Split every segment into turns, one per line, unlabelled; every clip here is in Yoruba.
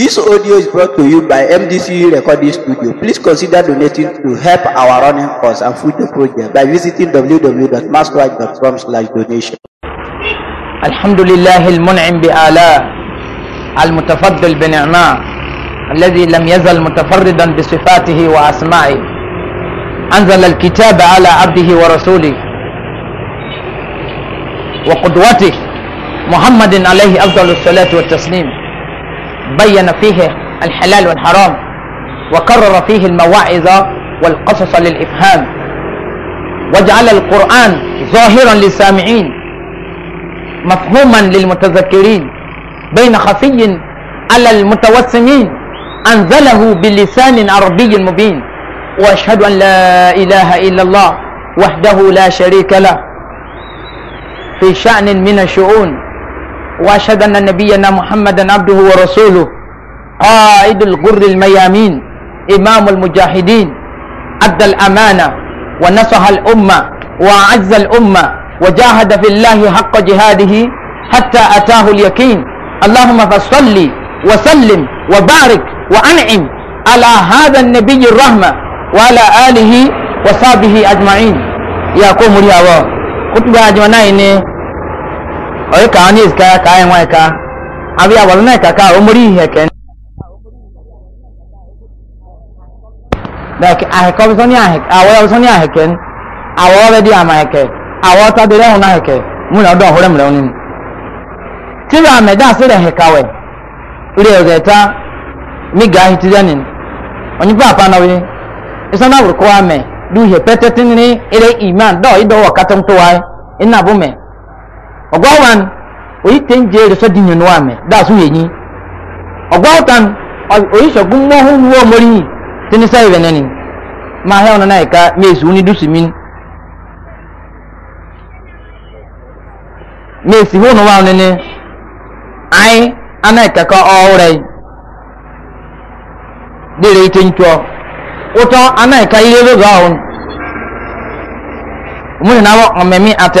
This audio is brought to you by MDC Recording Studio. Please consider donating to help our running costs and future project by visiting www.maskwatch.com slash donation. الحمد لله المنعم بآلاء المتفضل بنعماء الذي لم يزل متفردا بصفاته وأسمائه أنزل الكتاب على عبده ورسوله وقدوته محمد عليه أفضل الصلاة والتسليم بين فيه الحلال والحرام وكرر فيه المواعظ والقصص للإفهام وجعل القرآن ظاهرا للسامعين مفهوما للمتذكرين بين خفي على المتوسمين أنزله بلسان عربي مبين وأشهد أن لا إله إلا الله وحده لا شريك له في شأن من الشؤون واشهد ان نبينا محمدا عبده ورسوله قائد الغر الميامين امام المجاهدين ادى الامانه ونصح الامه واعز الامه وجاهد في الله حق جهاده حتى اتاه اليقين اللهم فصل وسلم وبارك وانعم على هذا النبي الرحمه وعلى اله وصحبه اجمعين يا قوم يا كنت اجمعين oyi ka anyị zika ya ka anyị nwa ka abịa wala na ka o mori ihe ke dọkị ahịkọ bụ sọnị ahịkọ awọ ya bụ sọnị ahịkọ awọ ọrịa dị ama ahịkọ awọ ọta dịrị ọhụrụ ahịkọ mụ na ọdọ ọhụrụ mụrụ ọnụ tiri ameda asịrị ahịkawe ire ọzọ eta miga ahịtịrịanị onye papa nọwe ịsọ na abụrụ kọwa me du ihe pete tiniri ire iman dọọ ịdọwọ katọ ntụwa ị na-abụ mee ogwawan oyiten je reso dinyo no ame da su yenyi ogwatan oyisho gummo hu wo mori tin sai beneni ma he ona naika mesu ni dusumin mesu hu no wa nene anyị anaghị ka dere ite ụtọ ka na atọ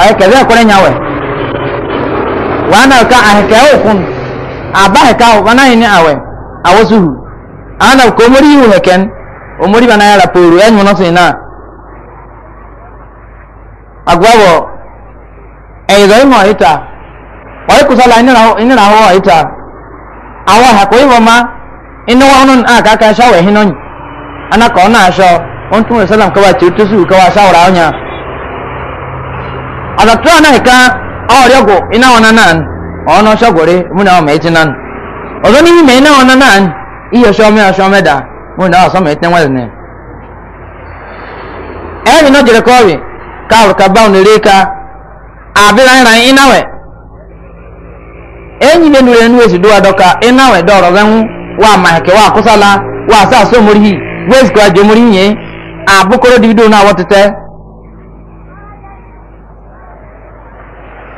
ayi kɛzɛ kɔnɛ nyawɛ wana ka ahɛkɛ o kun aba ah, hɛkɛ o wana yi ni awɛ awɔ suhu ana ko omori yi o hɛkɛn omori bana yara pooro ɛnyɛ wɔn sɛn na agbawɔ ɛyɛdɔ yi ma ɔyi kusala inira hɔ ɔyi ta awɔ hɛkɔ yi wɔ ma inu wɔn a ah, kaka ɛhyɛ awɔ ɛhin nɔnyi ana kɔn na ahyɛ ɔn tun wɔ sɛlɛm kaba tiw tusu kaba ahyɛ awɔ ra azatu anahika ọrịọgwụ ina ọ nanan ọnụ mụ na ọma eti nan ọzọ n'ihi ma ina ọ ihe da mụ na ọsọme eti nwa ne jere kọri ka ọrụ ka bawu n'ere ka abịrị anyị ranyị inawe enyi na enure enu esi duwa dọka inawe dọrọ gẹnwu wa mahike wa akusala wa asa asomori hi wezi kwa na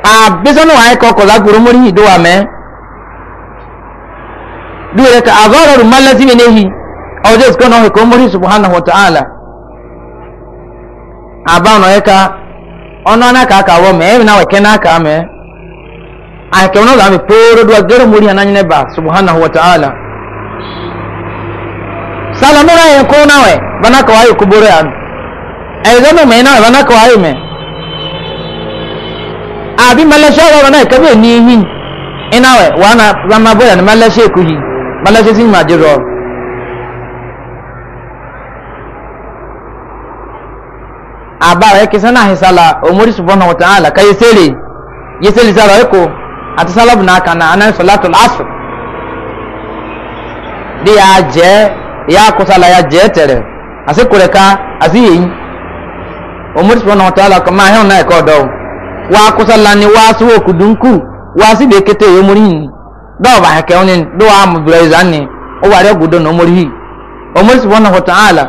abisanu wa ko ko zaguru muri do wa me duwe ka agara malati menehi o des ko no ko muri subhanahu wa ta'ala abano ono na ka ka wo me na we kena ka me a ke ono ga me poro muri ba subhanahu wa ta'ala na we bana me na we bana a me abi malaysia yɔrɔ náà kɛmɛ ni hin ina wɛ wana rama bɔyɛ ni malaysia ku malaysia si ma jiro rɔ. abara yake sana hisala umuri subhanahu wa ta'ala kai sele yesele sala yako atisala buna kana ana salatul asr di ya je ya kusala ya je tere asikure ka asiyin umuri subhanahu wa ta'ala kama heona ko dawo wa kusalla ni wa su oku dunku wa si be kete yo muri ni do ba ke oni do wa mu bro izani o wa re gudo no muri o muri subhanahu wa ta'ala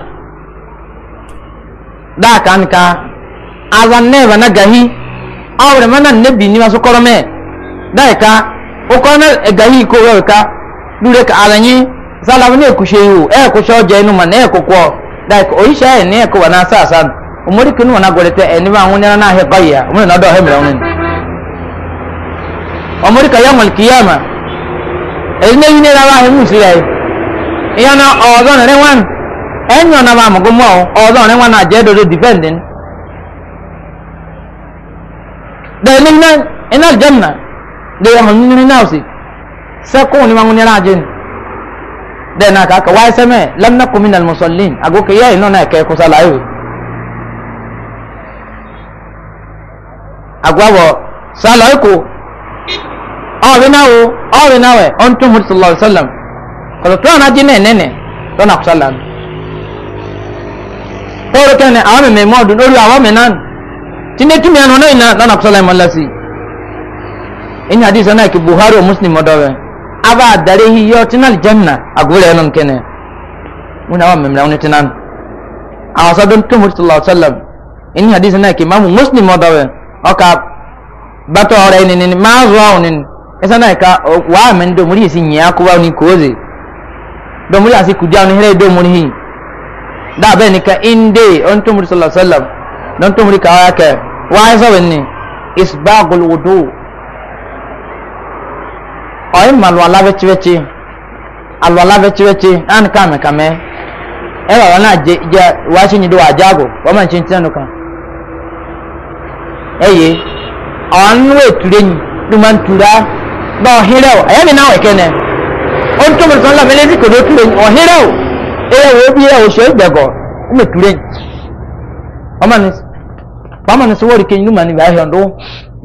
da kan ka azan ne bana gahi awre mana ne bi ni maso korome da ka o ko na e gahi ko we ka dure ka alanyi sala e e ne ku shehu e ku shoje nu man e ku ko da ka o yi isha ne ko na-asa sa sa umuri kinu wana golete eni eh, ba ngunya na he qaya umuri eh, na do he mira unen umuri ka yamul qiyama ene yine na ba he musira e yana ozo ne wan enyo na ba mugo mo ozo ne wan na je do defending da ene na ene aljanna de ya mun ni nausi sa ko ni wangunya na jin de na ka ka wa seme lam nakum minal musallin ago ke ya ino na agwabo salaiko awinawo awinawe onto mu sallallahu alaihi wasallam kala to na jine nene to na kusalan to ke ne awame me modu lori awame nan tinde tumi anu na ina na kusalan mallasi in hadisa na ki buhari o muslim modawe aba darehi yo tinal janna agure non kene una wa memla unitinan awasadun tumu sallallahu alaihi wasallam in hadisa na ki mamu muslim modawe ọka bata ọrẹ nini ni maa zọ ahụ ni ẹsẹ náà ka wàá mi ń domori yìí si nyìí akọwa ni kòóze domori àti kùdíà ni hẹrẹ domori yìí dábẹ́ ni ka inde ọ̀ntúnmùrì sọlọ́sọlọ́m ọ̀ntúnmùrì káwá kẹ wàá sọ̀rọ̀ ni isbagul wudu ọ̀yìn mà lọ alábẹ́tsẹ́wẹ́tsẹ́ alọ alábẹ́tsẹ́wẹ́tsẹ́ án kàmẹ́kàmẹ́ ẹ wà wọn náà jẹ wàá ṣe nyi do wàá jágo wọ́n máa ń ṣe ń tẹ́nu kan eye onwe turenyi duman tura ba ohirau aya ni nawe kene on to mun sallah mele ko do turenyi ohirau eye wo bi e o se gbego me turenyi amani pamani so wori kenyi numani ba he ndo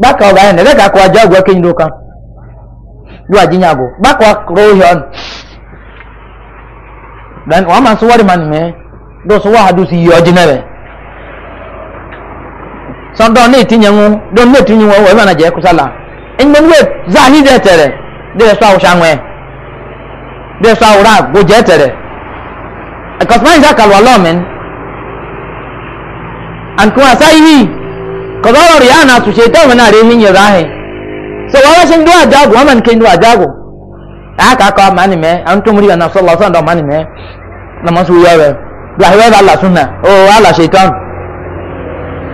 ba ka ba ne daga ko aja gwa kenyi doka do ajinya go ba ko ro he on dan wa man so wori man me sɔndɔn ne ti nyɛŋu don ne ti nyɛŋu wɔ ɛmɛ na jɛ kusala enyimɛnuwe zaa ni dɛ tɛrɛ de sɔ awo sanwɛ de sɔ awo ra go jɛ tɛrɛ ɛkɔsɔmɔ yi sa kalu alɔ mɛ ankuma sayi kɔsɔrɔ ri ana tu se tɛwɛ na re hin yɛrɛ ahe so wɔn wɔsi ndu ajago wɔn mɛ nke ndu ajago aa k'a kɔ ama ni mɛ an tó na sɔlɔ sɔndɔn ma ni mɛ na ma su yɛ wɛ bilahi la sunna o oh, ala se tɔn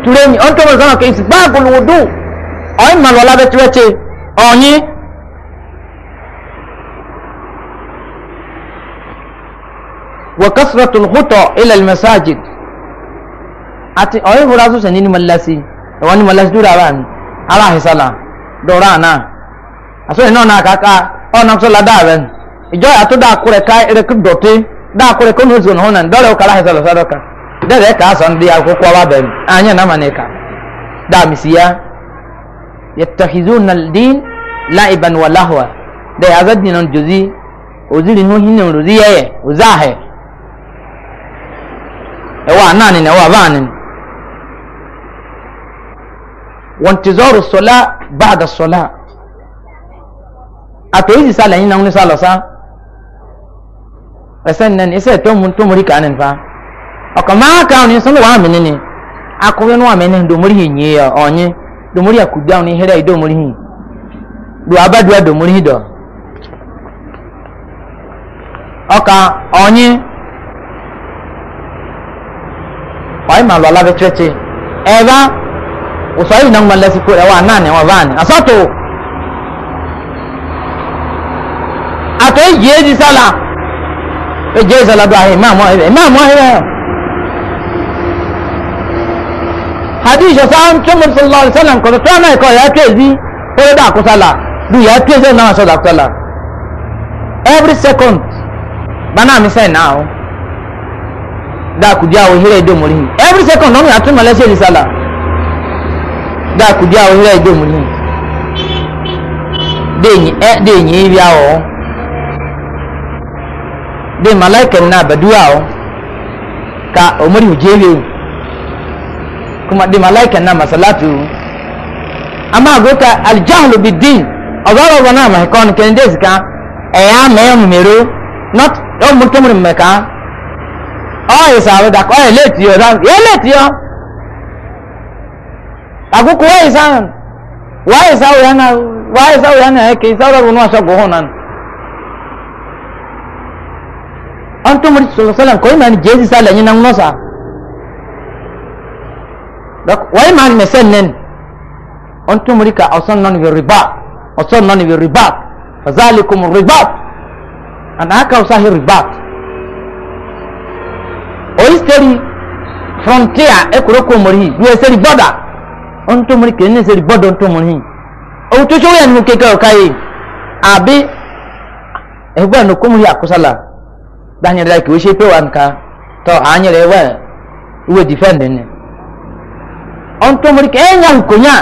tureni on to mazana ke isbagul wudu ay man wala be tuwete onyi wa kasratul khuta ila al masajid ati oy hurazu sanini mallasi wani mallasi dura ban ala hisala dora na aso ina na kaka ona so lada ben ijo atu da kure kai ere kudote da kure kono zon honan dole o kala hisala sadaka dere ka asan bi akwụkwọ wabem anya na maneka da misi ya yattakhizun al-din la'iban wa lahwa da ya zaddi nan juzi oziri ho hinan ruzi yeye uzahe ewa nani na wa bani wantizaru sala ba'da sala atezi sala yin nan sala sa esen nan ese to mun to ọkọmaka ni sanu wa amene ne akɔbɛ nwa amene domori hi nyie ya ɔnye domori akuda ni hɛrɛ yi domori hi do abadua domori hi dɔ ɔka ɔnye ɔyɛ ma lɔla bɛ kyerɛkyerɛ ɛba osɔyi na ŋma lɛsi ko ɛwɔ anaani ɛwɔ vaani asɔto atɔ yie di sala ejie sala do ahe imaamu ahe imaamu ahe yɛ. hadith ṣọ̀sán tó mọ̀ sọ̀lá ọ̀sẹ̀lẹ̀ nǹkan tó náà ẹ̀kọ́ ìyá tẹ̀sí ó lọ́dọ̀ àkọsálà bí ìyá tẹ̀sí ẹ̀ náà sọ̀dọ̀ àkọsálà every second bana mi sẹ́yìn náà ó dákùdí àwọn ìhẹ́rẹ́ ìdòmùrí yìí every second lọ́nà àtúmọ̀ lẹ́sẹ̀ ìrìsàlà dákùdí àwọn ìhẹ́rẹ́ ìdòmùrí yìí dènyìn ìrì àwọ̀ dènyìn màláìkẹ̀ ní abẹ́dúrà ó ka òmùrí ìjẹ́rẹ́ yìí kuma di malaika na masalatu amma agota aljahlu biddin ọzọrọ ọgbọ náà mẹkọ ni kẹni dé sika ẹyà mẹyọ mẹrọ not ọmọ mọ kẹmìrì mẹka ọyẹ sàrọ dàkọ ọyẹ léètì yọ dáhùn yẹ léètì yọ àkókò wọ́n yìí sáhùn wọ́n yìí sáhùn yẹn náà wọ́n yìí sáhùn yẹn náà ẹ̀kẹ́ yìí sáhùn ọ̀rọ̀ náà ṣọ́gbọ̀n hàn náà. ọ̀n tó mọ̀ sọ̀rọ̀ sọ́lá nǹkan yìí náà ni jésù sálẹ̀ yín náà ń nọ́ sáà wọ́n máa ń mẹ̀sẹ̀ nẹ́nu wọ́n tún mú ríkà ọ̀sán náà níbi rìbá ọ̀sán náà níbi rìbá fàzálìkùm rìbá ànáka ọ̀sáhì rìbá. oyi sẹ́ri frontier ekoroko mọ̀rí yìí wíwẹ́ sẹ́ri bọ́dà wọ́n tún mú ríkà ẹni sẹ́ri bọ́dà wọ́n tún mú rí. ohun tó ṣòwò ẹnu kékeré ọ̀ka yìí àbí ẹgbẹ́ ẹnu kó mú rí àkọsálà dáhìn rẹ̀ kì í ṣe pé wà nǹkan tọ́ àányẹ̀rẹ̀ wẹ̀ ìwé dìfẹ́ǹdì ni ọ̀ntọ́ mọ̀rí kẹ́ eh, ẹ̀yà nkònyà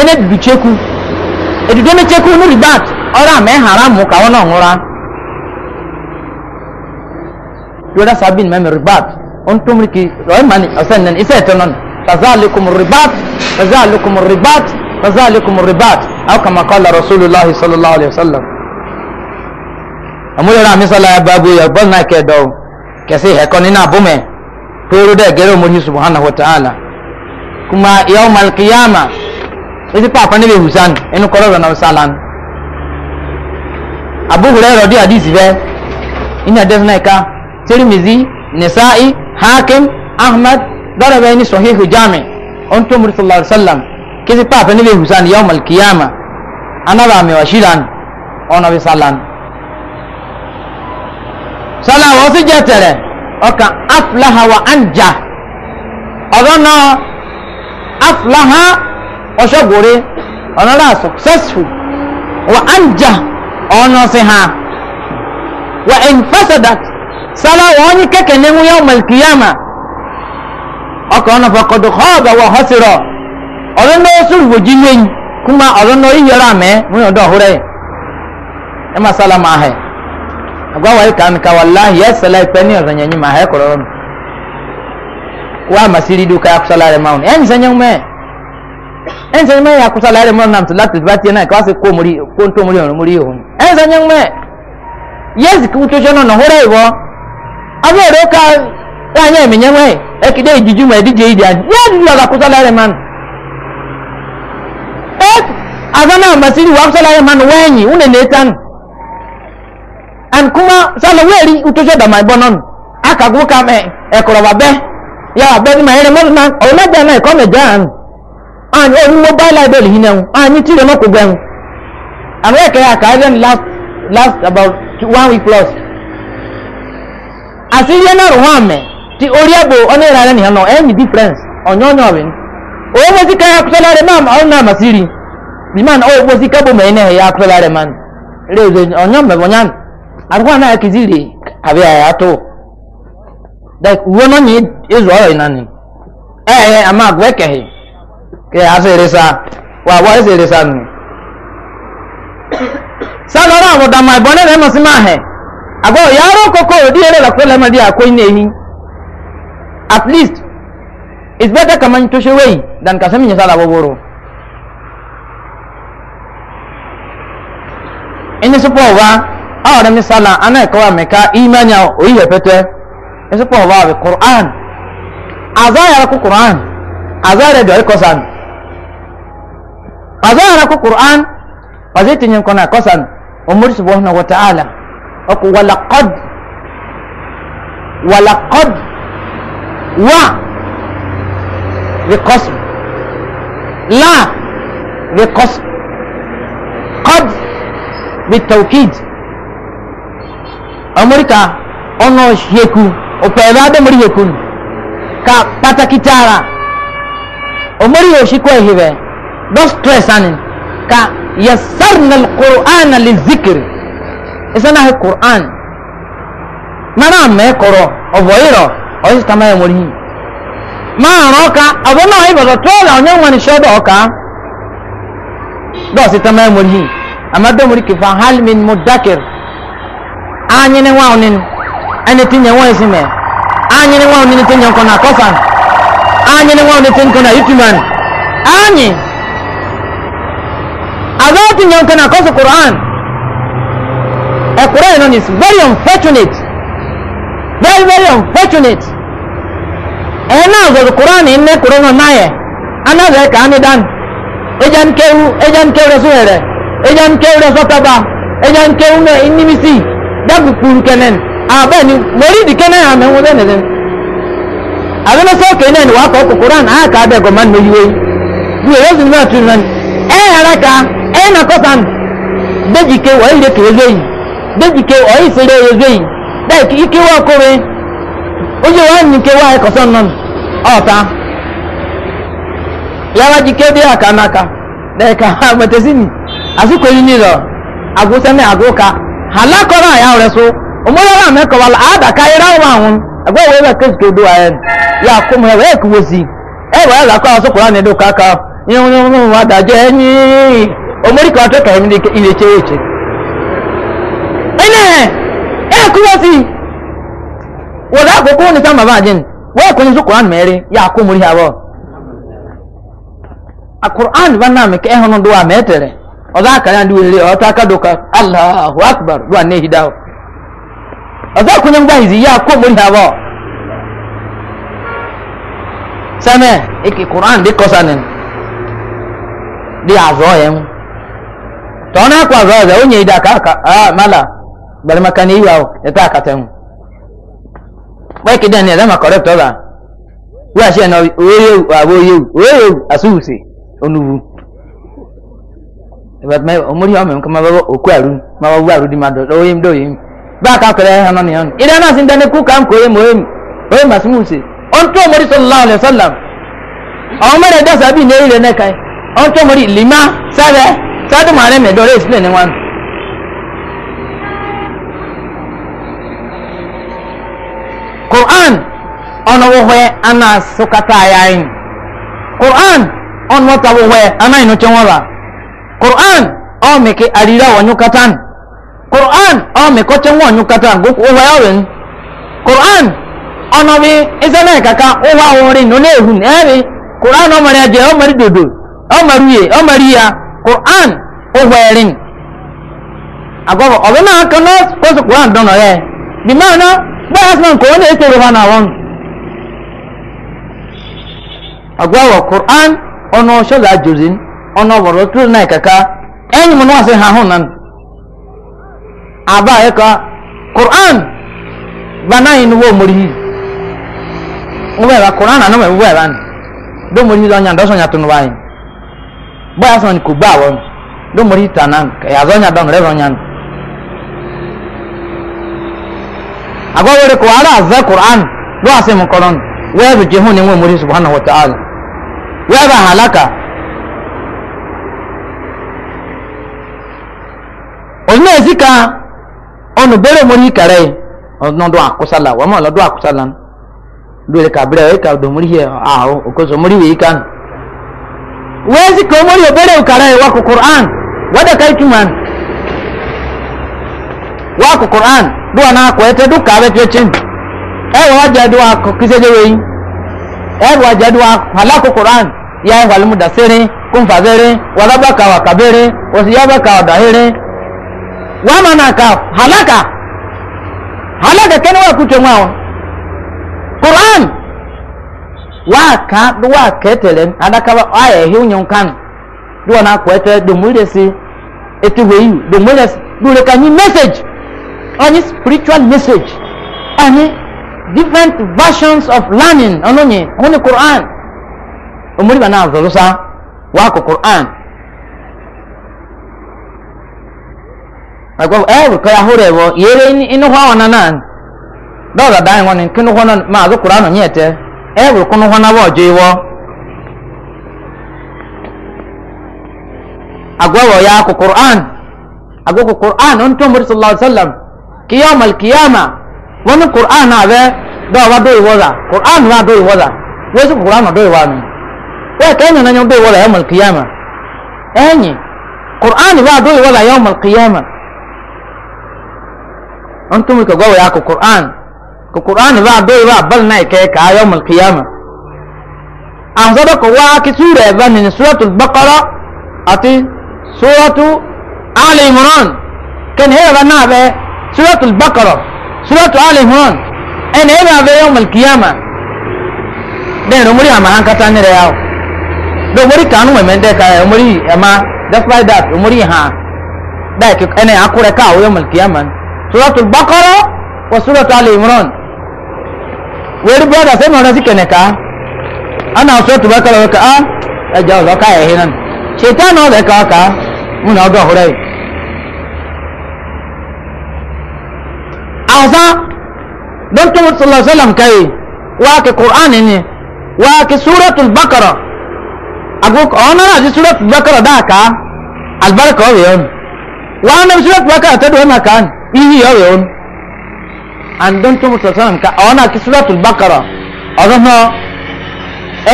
ẹ̀nẹ́ dùdù cheku èdùdú mi cheku ní rìbát ọ̀rọ̀ àmẹ́ haramu káwọn náà ńlá yọ̀dá sábìn mẹ́mi rìbát ọ̀ntọ́ mọ̀rí kẹ́ eh, ọ̀yẹ́ mani ọ̀sẹ̀ nẹ́ni iṣẹ́ ẹ̀tọ́ náà فذلكم الرباط فذلكم الرباط فذلكم الرباط أو كما قال رسول الله صلى الله عليه وسلم amúlẹ̀ náà mísàlá abábu yàgbọ́n náà kẹ́ẹ̀dọ́ kẹsí ẹ̀kọ́ nínú abúmẹ̀ tó rú dẹ́ gẹ́rẹ́ omi subhanahu wa ta'ala kuma yawmal qiyama isi papa ne be husan enu koro na salan abu hurairah di hadisi be ina des na ka tirmizi nisa'i hakim ahmad daraba ni sahihu jami on to murid sallallahu alaihi wasallam kisi papa ne be husan yawmal qiyama anaba me washilan ona be salan sala wo si jetere oka aflaha wa anja ọ̀rọ̀ náà aflaha ọ̀ṣọ́gòrè ọ̀nàrà successful wà anja ọ̀nọ́sí ha wà in fasadat sálá wọ́n yí kẹ́kẹ́ ní mú yọ́ malkiyama ọkọ̀ ọ̀nà fọkọ̀dù họ́ọ̀bà wà họ́sìrọ̀ ọ̀rọ̀ náà sùrùwò jí lẹ́yìn kúmà ọ̀rọ̀ náà yíyọrọ àmẹ́ múyàn ọ̀dọ̀ ọ̀húrẹ́ ẹ̀ má sálá máa hẹ̀ àgbáwáyé kàmíkà wà láàyè ẹ̀sẹ̀lá ìpẹ́ ní ọ̀rọ̀ yẹn yìí máa hẹ́ kọ̀rọ̀ ọ̀nà wa masiri duka ya kusalare maun en sanya me en sanya me ya kusalare maun nam tulatu bati na kwa se kumuri muri muri on muri yonu en sanya me yes ku to jono no hore wo abe ro ka wa nya mi nyewe e kide ijiju ma dije idi an ya ni la kusalare man e azana masiri wa kusalare man wenyi une netan an kuma sala weri utojo da mai bonon aka me e ya bẹni ma ẹrin mọ́tò náà òun náà jẹ́ náà ẹ̀kọ́ mẹ̀jọ àánú àní òun mo bá láìbẹ̀lì yìí náà àní tí ìrẹ́mọ́ kò gbẹ̀rún àwọn ẹ̀kẹ́ àkàrẹ́ ní last last about one week plus àti iye náà rùn àmẹ́ ti orí ẹ̀bù ọ̀nà ìrà rẹ̀ nìyẹn náà ẹ̀ difference ọ̀nyọ́ ọ̀nyọ́ rẹ̀ ni òun mo ti kẹ́ akutọ́lá rẹ̀ náà ọ̀hún náà mà sí rí bí man ọ̀hún mo ti kẹ́ bó mẹ́rin náà ẹ̀yà akutọ́lá rẹ̀ man rẹ̀ ọ̀nyọ́ mẹ́bọ̀ nyán àdúgbò náà like wono need izu ọrọ inani eh eh ama agwe kehi ke aseresa wa wa aseresa ni sanara wo da mai bone re masima he ago yaro koko di ere la dị ma di akoi at least it's better kama nitoshe wei than kasemi nyesa la boboro ini supo wa awore misala ana ekowa meka imanya oyihe ẹsẹ pọ ọba abẹ quran azayara kó quran azayara dọ̀rí kọsan azayara kó quran wàzí tinye nkọ́nà kọsan omori sọ wọn wọ ta'ala ọkọ walakọd walakọd wa bikọsm la bikọsm kọd bitawkid amurika ọ̀nà ṣeku ofeera de muri yekun ka pataki taara omuri yoshi ko ehibe do stress anin ka yassarna alqur'ana lizikr isana he qur'an mana me koro ovoiro oyi tama ya muri ma roka abona oyi bodo tola onye nwani shodo oka do si tama ya muri amma do muri kifa hal min mudakir anyi ne wa onin ɛne ti nyɛ wɔn esi mɛ anyi ne wɔn ne ti nyɛ na kɔfa anyi ne wɔn ne ti na yutuman anyi azɔ ti nyɛ nkɔ na kɔfa no is very unfortunate very very unfortunate ɛyɛ e, naa zɔrɔ koran ne koro no naayɛ ana zɛ e ka ani dan ejan kewu kewu rɛ so kewu rɛ so kewu abẹ́ni ah, mori dìkẹ́ náà àmì wọn bẹ́ẹ̀ nìyẹn àbẹ́ni sọ́ọ̀kì náà ni wàá kọ́ kòkòrò àná àkà abẹ́ gọ̀mà nínú yíwé yíwé yóò sì ní náà na náà ẹ̀ ẹ̀ ka nà kọ́ sàn bẹ́jìké wọ́n ilé kìí ozó yìí bẹ́jìké ọ̀ yìí kí ike wọn ní ike yàrá bí àkà náà ni àsìkò yìí náà àgùkà omorara mekọwala ada karịrị anwụ anwụ agwa wee wee kesu kedu a ya kụmụ ya wee kuwosi ebe ya zakwa ọsọ kwara na-edo ka aka nye onye ọrụ nwa adajọ enyi omori ka ọtọ ka eche ene e kuwosi wọdọ akwụkwọ onye sama vajin wee kwenye sọ kwara mere ya kụmụri ha bụ akwụrọ ba na ma etere akara ndị aka doka allahu akbar duwa ọ̀sẹ̀ kò ní ń gbà ìzì yá kó mórí àbọ̀ sẹ́mẹ̀ èkì koran dé kọ́sà ni di àzọ́ yẹn tọ́ náà kó àzọ́ ọ̀sẹ̀ ó nyẹ ìdá káàkà mala, mọ́là gbẹ̀rẹ̀mọ́ká ní ìwà ẹ̀tọ́ àkàtà mu wọ́n kéde ẹni ẹ̀dá mà kọ́rẹ́pù tọ́lá wọ́n àṣẹ ẹ̀nà oyéwu àbọ̀ oyéwu oyéwu àsúwùsè onuwu ìbàdàn ọmọdé ọmọ mi kọ́ máa bọ́ òkú àrùn máa bọ́ àrùn dì máa dọ̀ lọ́wọ́ yẹn dọ̀ yẹn. baaka kẹrẹ ya náà nìyẹn ìdá náà sì ń a kú kàm kò émò émì òye màsímù sí ọ̀n tó mọ̀rí sọ̀lọ́lá ọ̀lẹ̀ sọ̀lá àwọn mẹ́rẹ̀ dẹ́sà bíi ní eríire nẹ́ka yìí ọ̀n tó mọ̀rí lìmá sábẹ́ sádùn màrẹ́ mẹ́dọ̀rẹ́ ìsílẹ̀ ní wọn. quran quran quran Quran ọ mịkọcha nwa ọnyụkata gụkwa ụwa ya ọrịa Quran ọnọbi ịsana kaka ụwa ọhụrụ nọ na-ehu n'ebe Quran ọ oh, mara je ọ oh, mara dodo oh, ọ mara uye ọ mara ya Quran ụwa erin agọbọ ọ bụ na aka na ọsọ Quran dọ nọ ya dị mma na gbaa asịna nke ọ na-eto ụwa na ọnụ agwawọ Quran nọ ọsọ la ọ ọnụ ọbọrọ tụrụ na kaka enyi m nọ asị ha hụ na nụ aba ya eh, ka qur'an banayi ni wo murihi ngwe ba qur'an anu me wo ban do murihi do nyanda so nyatu nubai ba ya so ni ku ba won do murihi tanan ya zo nyada ngre zo nyan ago wore ko ala za qur'an do ase mu koron we bi jehun ni wo murihi subhanahu wa ta'ala we ba halaka onímọ̀ èsì kan ọnụ bere muri kare ọnọdụ akwụsala wama ọnọdụ akwụsala dole ka bere ka do muri he ahụ okozo muri we ikan wezi ko muri bere kare wa ku qur'an wada kai kiman wa ku qur'an duwa na ko ete duka be techin e wa jadu wa ko kiseje we e wa jadu wa hala ku qur'an ya wal mudasiri kun fazere wa rabaka wa kabere wasiyaba ka dahere wa mana ka halaka halaka kene wa kuche mwao Quran wa ka duwa ketelen adaka ba aya hiu nyonkan duwa na kwete dumule si eti weyu dumule si dule kanyi message onyi spiritual message onyi different versions of learning ononye huni Quran umuri bana azulusa wako Quran agwa eh ko ya hore wo yere inu hwa wana nan do da dan woni kinu hwa nan ma zo qur'ano nyete eh wo kunu hwa na wo je wo agwa wo ya ku qur'an agwa ku qur'an on to muhammad sallallahu alaihi wasallam qiyam al qiyama woni qur'an ave do wa do wo da qur'an wa do wo da wo su qur'an do wa ni wa eh, kanya na nyo do wo da yawm al qiyama enyi qur'an wa do wo da yawm al qiyama an tumi ka gwawa ya ku qur'an ku qur'an ba be ba bal nai kai ka yawmul qiyamah an zaba ko wa ki sura ba ni suratul baqara ati suratu ali imran kan he ba na be suratul baqara suratu ali imran en he ba be yawmul qiyamah den rumuri ama an kata ni re yawo do muri kanu me de ka muri ama despite that umuri ha da ke ene akure ka yawmul qiyamah suratul bakara wa suratul ali imran weri brother sai mun rasi kene ka ana suratul bakara ka a ah, e ja lo ka e hinan shaitan o de ka ka mun odo hore asa don to sallallahu alaihi wasallam kai wa ke qur'ani ne wa ke suratul bakara aguk onara ji suratul bakara da albarka o yon wa na suratul bakara ta do ma ihi ya yon and don to musa salam ka ona ki suratul baqara ọdọmọ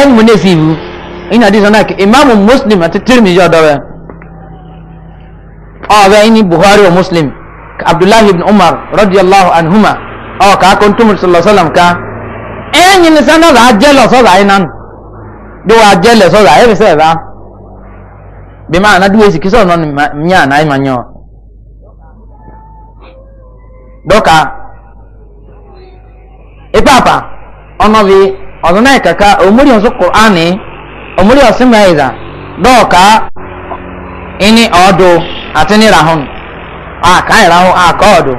ẹni mo nẹsi ibu in addition na ki imaamu muslim ati tirmidhi ọdọrẹ ọbẹ ẹni buhari wa muslim abdullahi ibn umar radiyallahu anhuma ọ ka akọ ntumu sallallahu salam ka ẹni ni sanna ra jẹlọ sọdọ ayi nan do wa jẹlẹ sọdọ ayi bi sẹ ra bi maa na duwe si kisọ nọ ni miya na ma nyọ dɔka ipaapa ɔnɔbi ɔdunai kaka omuri nso kur'ani omuri ɔsimaiza dɔka ini ɔdo ati ni rahun a kan rahun a kɔ ɔdo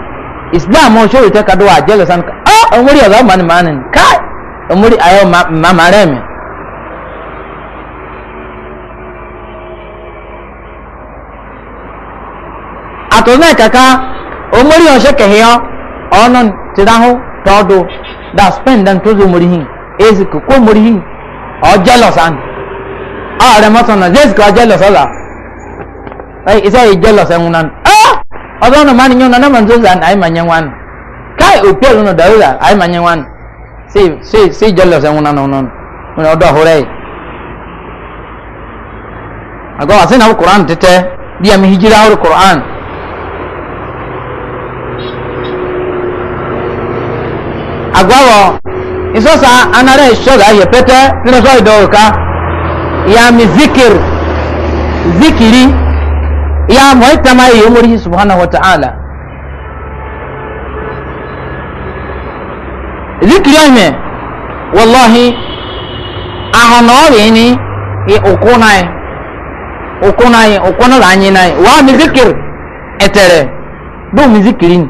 islam o sori tɛ kado a jɛlɛ san ka ɔ omuri ɔdɔ mani mani kai omuri ayɔ mamarɛ mi. atɔdunai kaka omori ɔhyɛ kɛhɛɛ ɔno tena ho tɔɔdo da spend dan tozo omori hin ko koko omori hin ɔjealous an ɔɔrɛ mɔtɔ na zezi ka ɔjealous ɔla ɛyi isɛ yi jealous ɛŋu nan ɛɛ ɔdɔn na mani nyɔnu anama nzo zan ayi ma wan kai okpo ɛlu no dɔri la ayi ma wan si si si jealous ɛŋu nan ɔnɔn ɔnɔ ɔdɔ ahorɛ yi agbawo ko koran tete dia ami hijira ahoro koran. agwawo isosa anara ishoga yepete tineso idoka ya mizikir zikiri ya moitama yumuri subhanahu wa ta'ala zikiri ime wallahi ahonori ni ukunai ukunai ukunai anyinai wa mizikir etere do mizikiri ni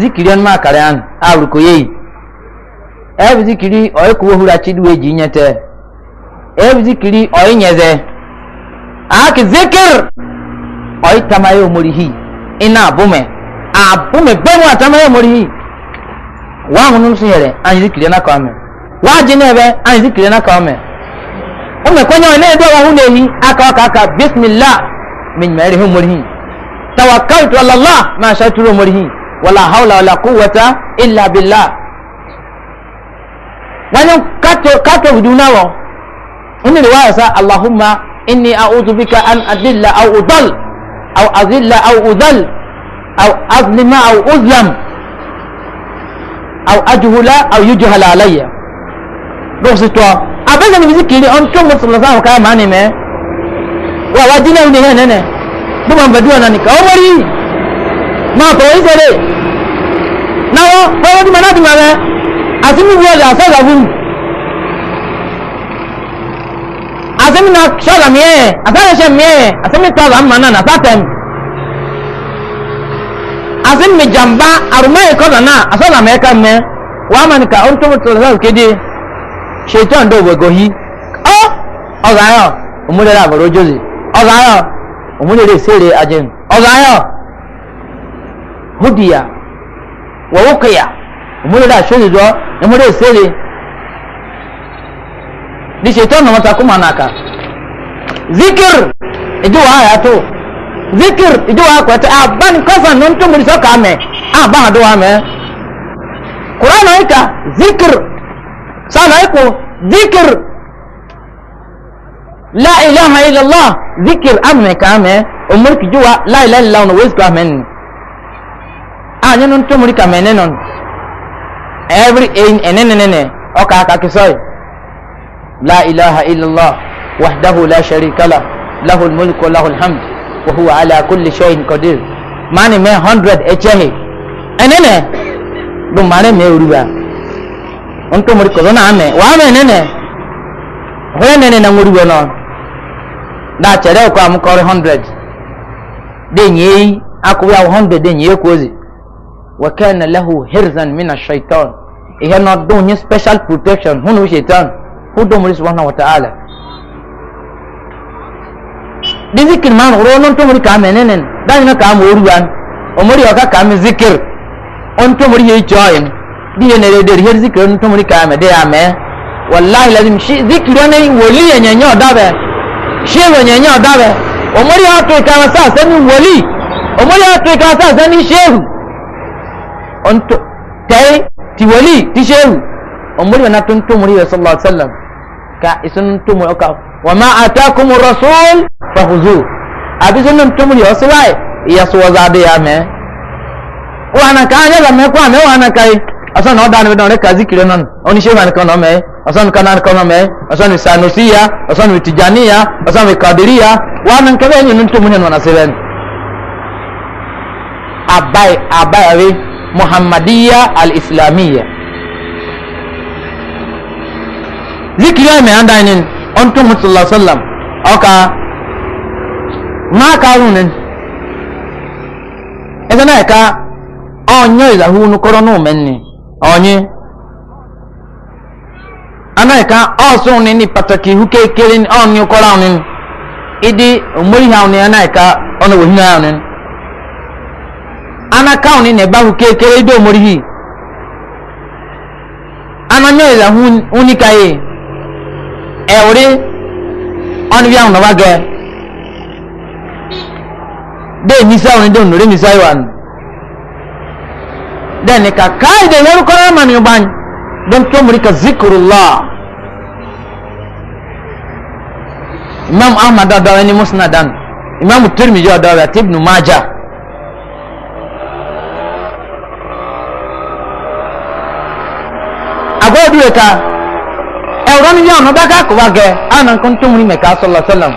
zikiri ọnụ akara ya arụkọ ya yi ebe zikiri ọyịkụwa hụrụ achiduwe ji nyete ebe zikiri ọyị nyeze aki zikir ọyị tamaye omorihi ina abume abume bẹmu atamaye omorihi wa ahụnụ nsọ nyere anyị zikiri na ka ọmị wa ajị n'ebe anyị zikiri na ka ọmị o mekwenye ọyị na-edo ọhụrụ ehi aka ọka aka bismillah من mẹ́rin hó توكلت tawakkaltu alala máa ṣàtúrò mọ́rin wàlá haúlà wàlá kú wọ́tá ilà bìlà. wọ́n ní kátó hudu náà wọ̀ inú ni wàá sá allahumma inni a'udhu bika an adilla aw udal aw azilla aw udal aw azlima aw uzlam aw ajuhula aw yujuhala alayya. lọ́sítọ́ abẹ́sẹ̀ ni bisikiri ọ̀n tó mọ̀ sọ̀rọ̀ sáwọn káyà máa ní mẹ́ wa wa dina ne ne ne bu man badu na ni ka o mari ma ko yi sere na wo ko wo di mana di ma be ati mi wo da so da bu ati mi na so da mi e ati na she mi e ati ta da ma na na patem ati mi jamba aruma e ko da na asa da me ka me wa man ka on to mo to da ke di shaitan do we go hi o oh, o ga yo umure da boro jozi ọ̀gáyọ̀ òmúlèrè sèrè àjẹun ọ̀gáyọ̀ hudiya wọ̀wọ́kẹ̀yà òmúlèrè àṣọ́yìnjọ́ òmúlèrè sèrè ní ṣètò ọ̀nà wọn takùmọ̀ nàkà zikir ìjọba àyàtò zikir ìjọba àkọ́tà àbánikọ́sà ní tó múlẹ̀ sọ́kà mẹ́ àbáhàdúwà mẹ́ kùránà ìka zikir sáà náà ìkù zikir la ilaha illallah zikir amne ka ame umur ki juwa la ilaha illallah no wes ka men anya non to muri ka e non every in enenenene o ka ka kisoy la ilaha illallah wahdahu la sharika la lahu almulku lahu alhamd wa huwa ala kulli shay'in qadir mani me 100 echehe enene do mare me uriba on to muri ko na ame wa ame enene ho enene na muri wono da chere ko am kori 100 de nyi akuwa 100 de nyi kozi wa kana lahu hirzan min ash-shaytan ihe no do nyi special protection hunu shaytan hu do muri subhanahu wa ta'ala di zikir man ro non to muri ka menenen da ni ka am oruwan o muri o ka ka mi zikir on to muri ye join di ne de de zikir on to muri ka me de ame wallahi lazim shi zikir ne woli yenye nyoda be shehu nyenye ọdabe omori afrika wasa asani woli omori afrika wasa asani shehu onto tai ti woli ti shehu omori wana tuntu muri ya sallallahu alaihi wasallam ka isun tumu ka wa ma atakum rasul fahuzu abi sunan tumu ya sallallahu ya suwaza de ya me wana ka anya la me kwa me wana asan na ọdan wedan reka zikiri nan oni shehu ankan na mai asan kanan kan na mai asan sanusiya asan tijaniya asan kadiriya wannan kabe ne nun tumun nan asiran abai abai re muhammadiya al islamiyya zikiri mai andan ne on tumun sallallahu alaihi wasallam oka ma karunin ezana ka onyo izahunu koronu menni onye anaghịka ọsụ nini pataki ihu kekere ọnụ kọrọ ọnụ ịdị omori ha ọnụ anaghịka ọnụ wehi ha ọnụ anaka ọnụ na ebe ahụ kekere ịdị omori hi ananya ịla ka ya ewuri ọnụ ya ọnụ wa gị dị emisa ọnụ dị onore emisa ya ọnụ dani ka kai da yar kora man yuban don to muri ka zikrullah imam ahmad da wani musnadan imam tirmidhi da wa ibn majah ago duwe ka ẹ̀rọ eh, ni yàn ọ̀nà dáká kò bá gẹ ànà nǹkan tó múni mẹ̀ká sọlọ sọlọm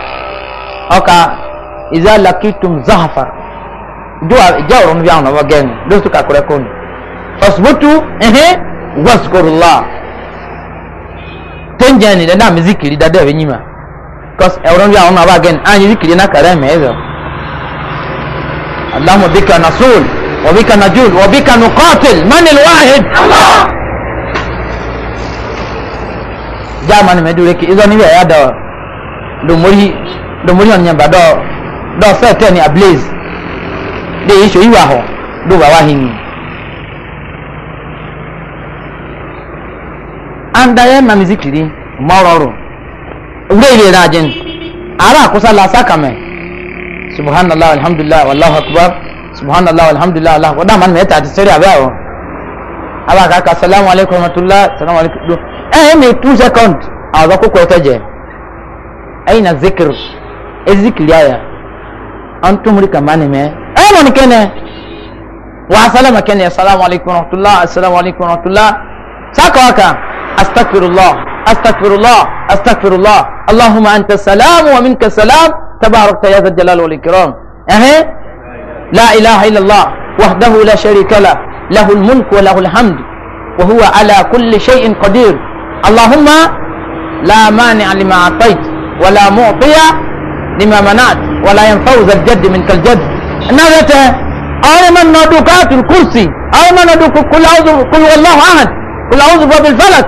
ọkà ìzá lakitum zahafar ìjọ ọ̀rọ̀ ni yàn bá gẹ ni lóṣù kakọrẹ kọ́ni fasbutu ehe waskurullah tenjani da dami zikiri da dawe nyima cause euron ya ona ba gen anyi zikiri na kare me ezo allahumma bika nasul wa bika najul wa bika nuqatil man alwahid allah jamani medure ki izo ni ya da do mori do mori on nyamba do do ni ablaze de iso iwa ho do wa wahini andaye na mizikiri maroro wurare rajin ara kusa la sakame subhanallah alhamdulillah wallahu akbar subhanallah alhamdulillah allah wadan man meta ti sere abe o ala ka assalamu alaikum warahmatullah assalamu alaikum eh me 2 second azo ko ko taje aina zikr ezikri aya antum rika mane me eh mon kene wa salama kene assalamu alaikum warahmatullah assalamu alaikum warahmatullah sakawaka أستغفر الله أستغفر الله أستغفر الله اللهم أنت السلام ومنك السلام تبارك يا ذا الجلال والإكرام أهي لا إله إلا الله وحده لا شريك له له الملك وله الحمد وهو على كل شيء قدير اللهم لا مانع لما أعطيت ولا معطي لما منعت ولا ينفع ذا الجد منك الجد نغته آية من ندوكات الكرسي آية من ندوك كل أعوذ كل والله أحد كل أعوذ برب الفلك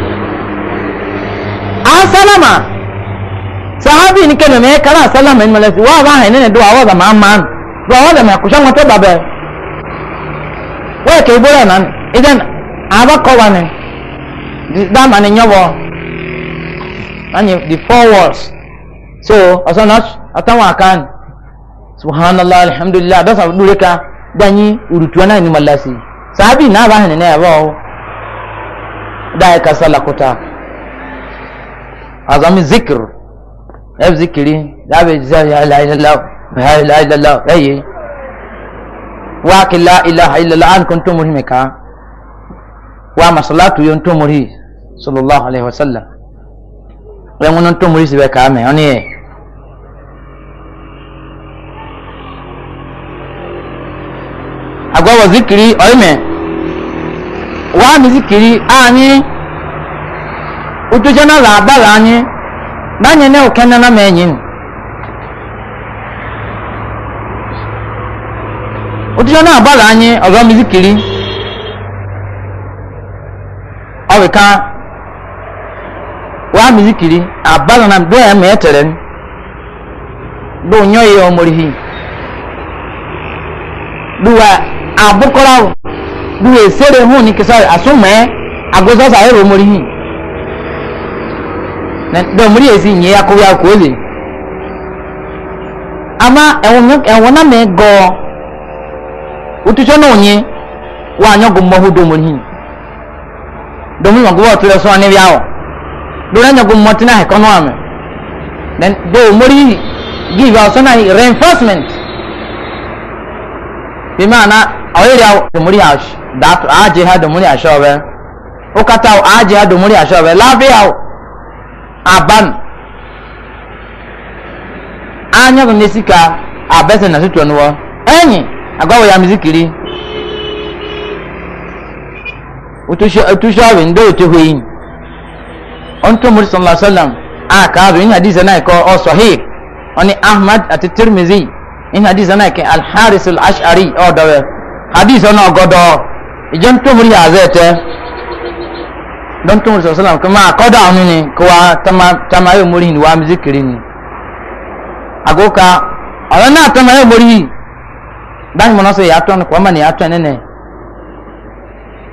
sálàmà sahabi ni kẹmẹ mẹ kala sálàmà ẹni malasi, wà wà hàn ẹni do àwọn ọ̀dà máa do àwọn ọ̀dà máa kò sọ́n wọn tó bàbẹ̀ wọ́n yẹ kẹ́ ibó rẹ̀ nàn ìdẹ́n àbákọ́ wa ni dáàmà ni nyọ́bọ̀ ẹni the four walls so ọ̀sán náà àtàwọn àkàn subhanallah alhamdulilah adọ́sàn lórí ká danyi urutuwa náà ni mọlẹsi sahabi náà bá hàn ẹni ẹ̀ bọ́ dáa ẹ̀ka sálà kúta azami zikir ẹbí zikiri lábẹ́ ìjẹ́ láìláìláìláwò láìláìláìláwò ẹ̀yẹ wáàkì láìláìláìláwò ànkùn tó mú mi ká wá masalatu yóò tó mú rí sallallahu alaihi wasallam ẹ̀wọ̀n tó mú rí síbẹ̀ ká mẹ́ ọ́ ní ẹ̀. àgọ́wọ̀ zikiri ọ̀yẹ́mẹ̀ wá mi zikiri ààyè. otu na la abala anyị na anyị na ukene na menyi otu na abala anyị ọzọ mizikiri ọrịka wa mizikiri abala na mbe ya ma etere do nyo ya omorihi duwa abukora duwa esere hụ ni asụmụ asume agozo sa ero omorihi na muri ezi nye ya ko ya kwuo le ama ewon ewon na me no nye wa anyo go mo hin do mi ọ wa so ani bia o na nyo go mo tina he kono ame give na reinforcement bi mana awiri awo muri ha do muri asho ha aban anya bụ nesika abese na sitwa nuwa enyi agwawo ya mizikiri utushawe ndo utuhuin onto muri sallallahu alaihi wasallam aka abu in hadisa na ko o sahih oni ahmad ati tirmizi in hadisa na ke al haris al ashari o dawe hadisa na godo ijan to muri azete don tun rasu salam kuma a koda hannu ne kowa ta mayo murihin wa mu zikiri ne agoka a wannan ta mayo murihi dan mu nasu ya tuwa kuma ne ya tuwa nene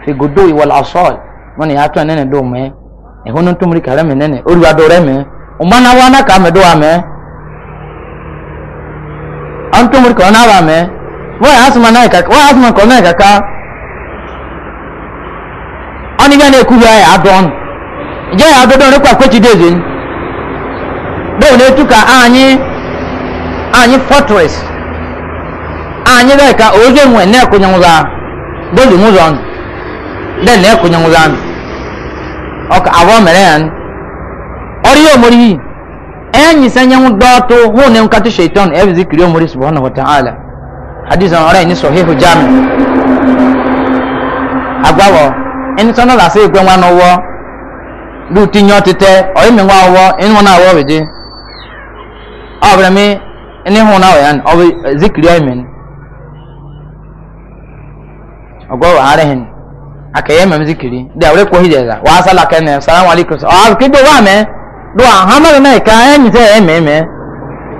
fi gudu wal asol mani ya tuwa ne do me e hunun tumuri kare me nene oruwa do re me umana wa na ka me do ame an tumuri ko na ba me wa asma na ka wa asma ko na ka ani bia na ekuwa ya adon je ya adon ne kwa kwechi dezi do ne ka anyi anyi fortress anyi da ka oje nwe ne kunyanguza do li muzon de ne kunyanguza oka awo mere an ori yo mori enyi sanyangu doto ho ne nkati shaitan e zikri yo mori subhanahu wa ta'ala hadithan ora ni sahihu jami agbawo ẹni sọ́nà làásì ìpẹ́ wọn náà wọ́ bí o ti yan títẹ ọ̀yẹ́ mi wọn wọ́ ẹni wọn náà wọ́ bìjì ọ̀bẹ̀rẹ̀ mi ẹni hùn náà wọ̀nyá ọ̀bẹ̀ zikiri ọ̀yẹ́ mi ọgọ́ ààrẹ hìn akẹ́yẹ́ mẹ́mi zikiri dí àwọn ẹ̀kọ́ hìjẹ̀ ẹ̀dá wàá sálà kẹ́nẹ̀ sàlámù alikùsọ ọ̀hàkíjọ wà mẹ́ do ahamadu náà ìka ẹ̀yìn tẹ́ ẹ̀ mẹ́mẹ́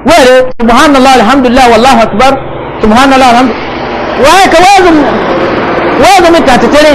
wẹ́rẹ́ subhanallah alhamdulilayi wàlláhu akbar subhanallah alhamdulilayi wàá kẹ́ wọ́ọ̀dù mi tàtẹ́tẹ́rẹ́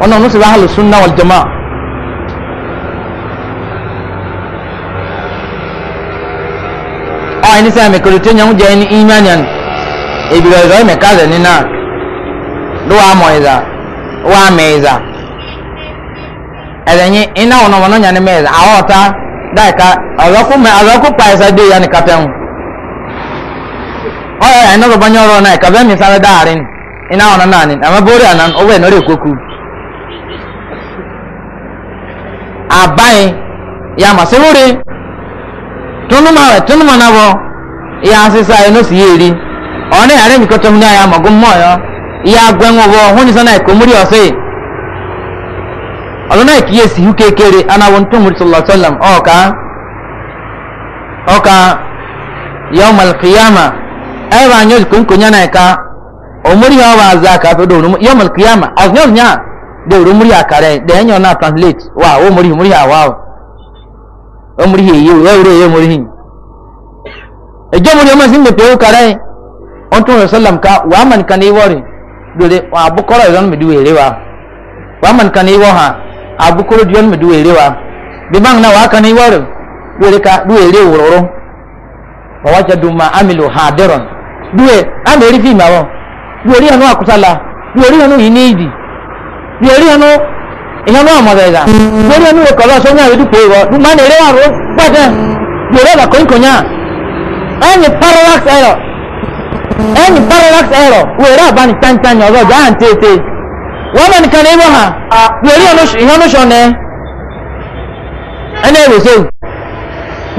wannan nusu da ahlus sunna wal jamaa a ni sa me kuru tenya mu jeni imanyan ni na do wa wa ina ono wono nya ni me da ka azaku me de ya ni katen o ya ina go banyoro na ka mi sare da ina na ni anan abaye ya masewore tunuma we tunuma nabo ya asisa eno siyeri one yare mikoto mna ya magummo yo ya gwenwo bo huni sana ikomuri ose alona ikiyesi hukekere ana wonto muri sallallahu alaihi wasallam oka oka yawm alqiyama ay ba nyol kun kunyana ka omuri ho ba zaka fe do yawm alqiyama aznyo nya de ori muri akara de enyo na translate wa o muri muri awa o o muri he ye o ore ye muri hin ejo muri o ma sin de pe o kara on tun sallam ka wa man kan iwori dole wa abukoro yon mi duwe wa wa man kan iwo ha abukoro yon mi duwe wa bi bang na wa kan iwori dole ka duwe re wororo wa wajadu ma amilu hadiran duwe ameri fi ma wo duwe ri hanu akusala duwe ri hanu yinidi yẹri ẹnu ìyẹn náà mọ̀ bẹ̀rẹ̀ mm. yẹri ẹnu rẹ̀ kọ̀lọ́ sọ́nyà rẹ̀ dúpọ̀ ìwọ̀ dùmá ní eré àrùn gbẹ̀dẹ̀ yẹrẹ ọ̀là kọ̀ǹkọ̀nyà ẹni parallax error ẹni parallax error wẹ̀rẹ̀ àbáni tántán ní ọ̀rọ̀ ọ̀jà à ń tètè wọ́n bẹ̀ nìkan ní ibò hàn yẹri ìyẹn ọ̀nù sọ̀nẹ́ ẹni ẹ̀rọ sẹ́wù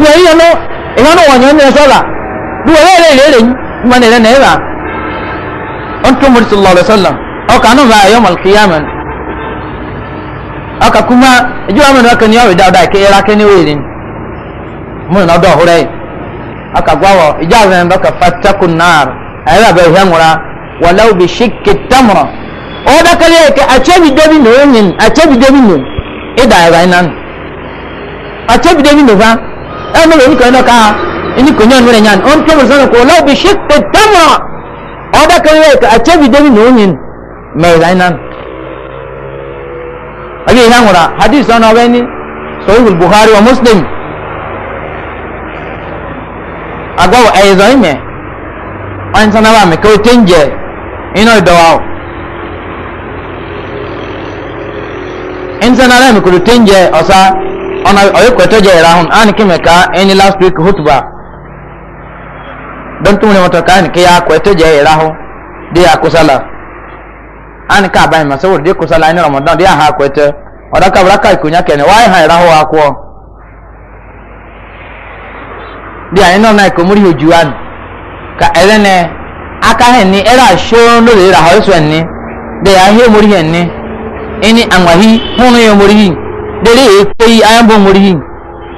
yẹri ẹnu ìyẹn ọ̀nù wọ̀nyẹn ní ẹ̀sọ́là duwẹ̀rẹ̀ rẹ̀ rẹ̀ rẹ̀ dùmá ní ẹ̀rẹ̀ nà ẹ̀rà ọ̀ntúnmùrìsì lọ́ọ̀lọ́sọ̀lọ̀ ọkàn náà bá ayọ́mọ̀lùkìyàmẹ́ni aka kuma ejo amana aka ni awe da ke era ke ni wele mun na do hore aka gwawo ijaza nda ka fattakun nar ayra ba hangura walau bi shikki tamra o da kale ke ache bi debi no yin ache bi debi no e da ra nan ache bi debi no fa e mo ni ko no ka ini ko nyon wele nyan on to mo zana ko walau bi shikki tamra o da kale ke ache bi debi no yin mai ra nan age ina ngora hadis ana wani sahih al bukhari wa muslim agwa ay zaime an sana ba me ko tenje ino dawa en sana na me ko tenje osa ona oyo ko toje rahun an kime ka any last week hutba don tumne mota kan ke ya ko toje rahu de akusala ani ka ban ma sawur je kusala ni ramadan dia ha ko te oda ka bra ka kunya kene wai ha ra ho akwo dia eno na ko muri hojuan ka elene aka he ni era sho no le ra ho so ni de ya he muri he ni ini anwahi hunu yo muri hi de re e pei ayan bo muri hi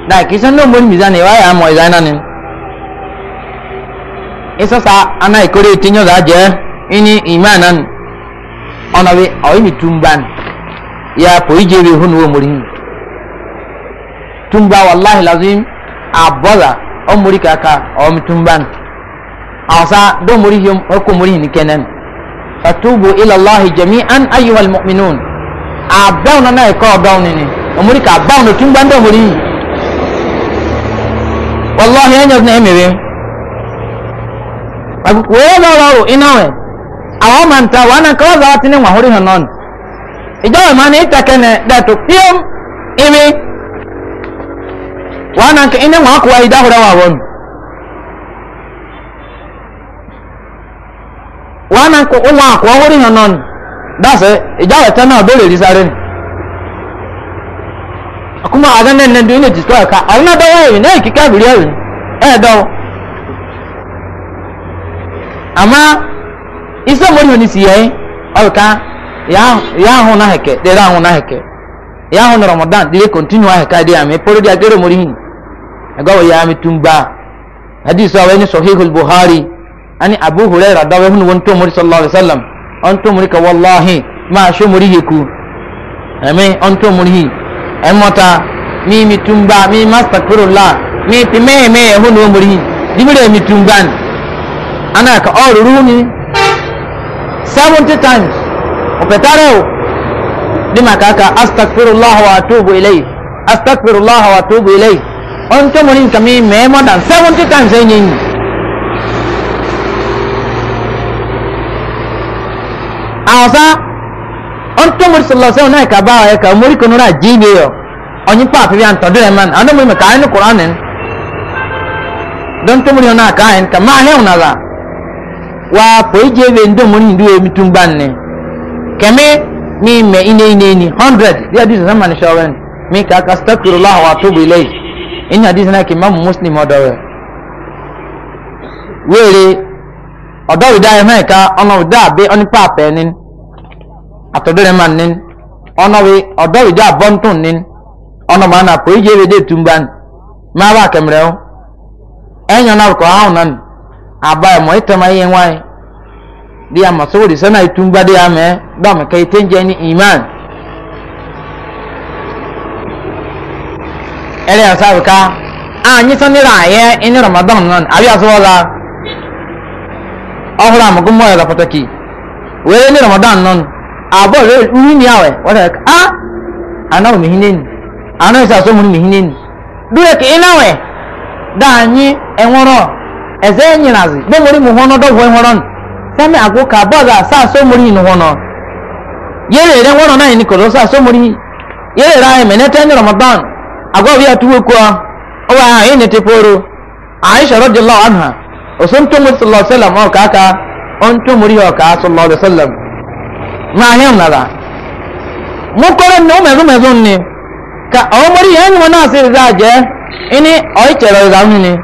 na kisan no muri mizan e wai amo izana ni isa sa ana ikore tinyo da je ini imanan ona we awini tumban ya ko ijebe hunu wo muri tumba wallahi lazim abola o muri kaka o mi tumban awsa do muri him ko muri ni kenen fatubu ila allah jami'an ayyuha almu'minun abawna na e ko dawni ni o muri ka abawna tumban do muri wallahi anya na emewe agu ko na rawo inawe àwọn ọmọ nta wọn náà kọ́ zàwá tí ní wọn àhórí hàn náà ìjọ ìmọ̀ ní ìtàkẹ́ ní dàtò fíìm ìwé wọn náà kí ní wọn kọ́ wá ìdáhùrẹ́ wà wọn. wọn náà kọ́ wọn àkọ́ àhórí hàn náà dáṣẹ ìjọ ìtẹ́ náà ni. kuma a nan duniya ji tsoka ka a rina dawo ne kika biri yau eh dawo amma isa mori honi si yayi alka ya ya hu na heke de ra hu na heke ya hu na ramadan de continue ha ka de ame poro de agere mori hin aga wa ya mi tumba hadith wa ni sahih al buhari ani abu hurairah da wa hun won to mori sallallahu alaihi wasallam on to mori ka wallahi ma sho mori heku ame on to mori hi emota mi mi tumba mi mastaghfirullah mi pime me hun won mori hi dibure mi tumban ana ka oruru oh, ni seventy times ọ̀pẹ̀tàrẹ́ o ní màkàkà astagfirullah wa tóbu eléyìí astagfirullah wa tóbu eléyìí ọ̀n tó mo ní nkà mi mẹ́ẹ́ seventy times ẹ̀yìn yìí. àwọn sá ọ̀n tó mo ní sọ̀rọ̀ sẹ́wọ̀n náà kà bá ẹ̀ kà mórí kan náà jí ni yọ ọ̀nyí pa àfihàn àtọ̀dọ̀ ẹ̀ mọ́ni àwọn ọmọ mi kà á ní kúrọ̀ nìyẹn. dọ́n tó mo ní ọ̀nà àká ẹ̀ nkà máa hẹ́wọ̀n náà wa poije be ndo muri ndu e mitumba ne kame ni me ine ine ni 100 dia dis zaman ni shawen mi ka ka astaghfirullah wa atubu ilayh in hadith na ki mamu muslim odawe were odawe da me ka ono da be oni papa ni atodere man ni ono we odawe da bontun ni ono mana poije be de tumban ma ba kemre enyo na ko hawo nan aba mo itama yen wai dia maso di sana itumba dia ame da me kai tenje ni iman ele asabu ka a nyi sani ra ye in ramadan nan abi aso wala ohura mu gumo ya pataki we ni ramadan nan abo le ni ni awe wala a ana o mi hinin ana isa so mu mi hinin duwe ke inawe da anyi enworo ẹ̀sẹ̀ ẹ̀yìn àzì bó mo rí mu hàn ọdọ̀ wọ́n wọ́n sẹ́mi àgùkà ka àṣà sómori ìnù wọn nọ yẹ́rẹ̀ rẹ̀ wọ́n náà ní kòtò sà sómori yẹ́rẹ̀ rẹ̀ ayẹ̀mẹ̀ ní tẹ́ni ramadan àgọ́ òbí àtúwò kọ́ ọ wà á yín ní ti poro àyíṣà rọ́jò lọ́wọ́ àná òsó mo ka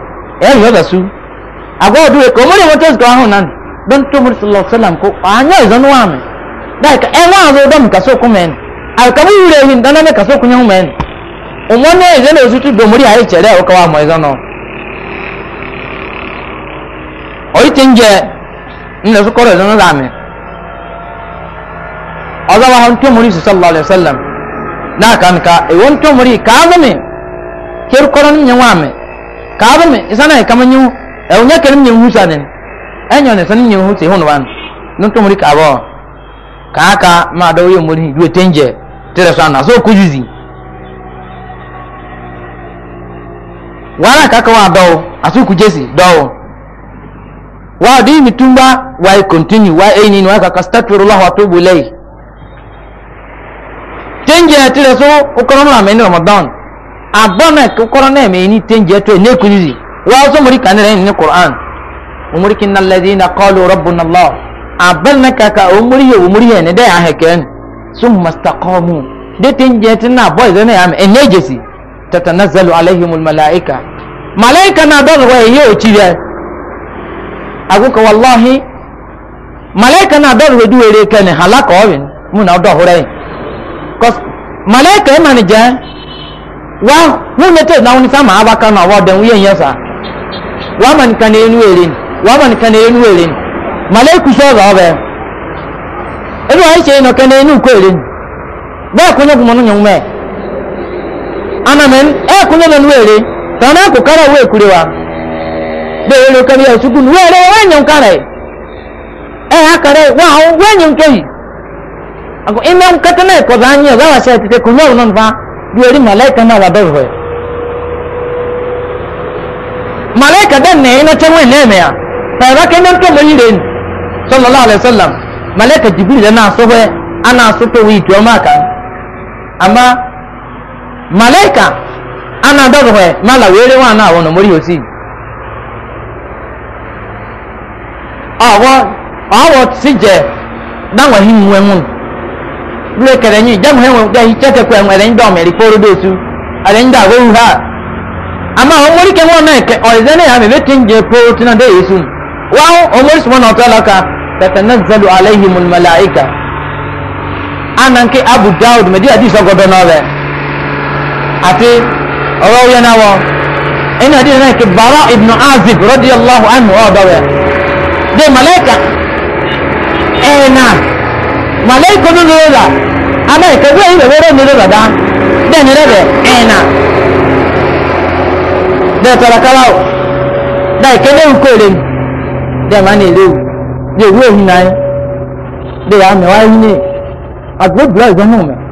ẹ̀yìn ọ̀gá su àgọ́ ọdún èkó mọ́ni wọn tẹ́sí kan ahọ́n náà dọ́n tó mọ́ni sọlọ sọlám kó àányá ìzọ́nú wa mi dáìka ẹ̀ wọ́n àwọn ọdọ́ mi kàṣọ́ kú mẹ́ni àkàmú wúlò èyí nǹkan náà mi kàṣọ́ kú yẹn mẹ́ni òmọ́ ní ìzẹ́ lè sùtú dòmórí àyè kyẹ̀rẹ́ ọkọ̀ wa mọ̀ ìzọ́nú. ọ̀yí ti ń jẹ ńlẹ̀ sọ́kọ́rọ̀ ìzọ́nú láàmì ọ̀zọ́ wa hàn tó mọ́ni sọlọ sọlám náà kàn ká èwo ń tó mọ́ni kàá mọ́ mi kí kaabir mi isana yi kama nyihu ɛwɔ nyɛ kɛnɛ nyihu sa e, ni ɛnyɛ ne sani nyihu ti hun ban ne to muri kaabɔ kaaka ma dɔw ye muri duwe tenjɛ tere sɔn na so kujuzi wala kaka wa dɔw asu kujesi dɔw wa di mi tumba wa yi continue wa eyi nini wa kaka statuwar allah wa tobu lai tenjɛ tere so okoro mu na mɛ ni ramadan. abona kokoro na me ni tenje to ne kuzi wa so muri kanere ni qur'an umuri kin alladhina qalu rabbuna allah abana kaka umuri yo umuri ne da aheken summa istaqamu de tenje tin na boy zane am enejesi tatanazzalu alaihim almalaika malaika na da wa yo chiya aguka wallahi malaika na da wa duwere kan halaka obin mun na do hore cause malaika e manager wa mun mete na wani sama abaka na wa dan wuyen yasa wa man kan enu erin wa man kan enu erin malaiku so ga ba enu ai ce no kan enu ko erin ba ko ne gumo no nyume ana men e eh, ko ne nu ta na ko kara we kurewa de ero kan ya suku nu ere wa nyum kare e eh, ha kare wa wa nyum kai ako imam eh, katana ko zanya za wa sai te ko no non ba bí orí màláìka náà làbẹ́rù rẹ̀ màláìka na enyocha nwere na-eme ya. lẹ́mẹ̀ à tàbí kí ẹni tó mọ yìí rẹ̀ ni sọlọ́lá alẹ́sọ́làm màláìka jìbìrì lẹ́nà àsọ́fẹ́ àná àsọ́fẹ́ wí ìtú ọmọ àká àmà màláìka àná kule kere nyi jamu ga riporo da go ha ama ke ke ya mebe tinje po tina de yesu wa omori subhanahu wa ta'ala ka tatanazzalu alaihim almalaika anan ke abu daud me di hadis go do nove ati ọ̀rọ̀ yẹn náà wọ na ke bara ibn azib radiyallahu anhu de malaika malaika America wo yi wo ni le baba de ni le be ena de tara kala o da ke le ko le de ma ni le de wo hin nai de ya me wa hin ni agbo blood go home